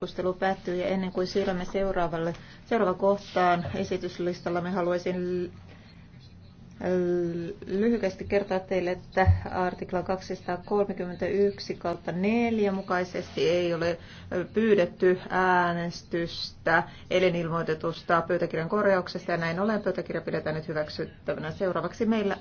keskustelu päättyy ja ennen kuin siirrymme seuraavalle, seuraava kohtaan esityslistalla, me haluaisin lyhyesti kertoa teille, että artikla 231 kautta 4 mukaisesti ei ole pyydetty äänestystä elinilmoitetusta pöytäkirjan korjauksesta ja näin ollen pöytäkirja pidetään nyt hyväksyttävänä. Seuraavaksi meillä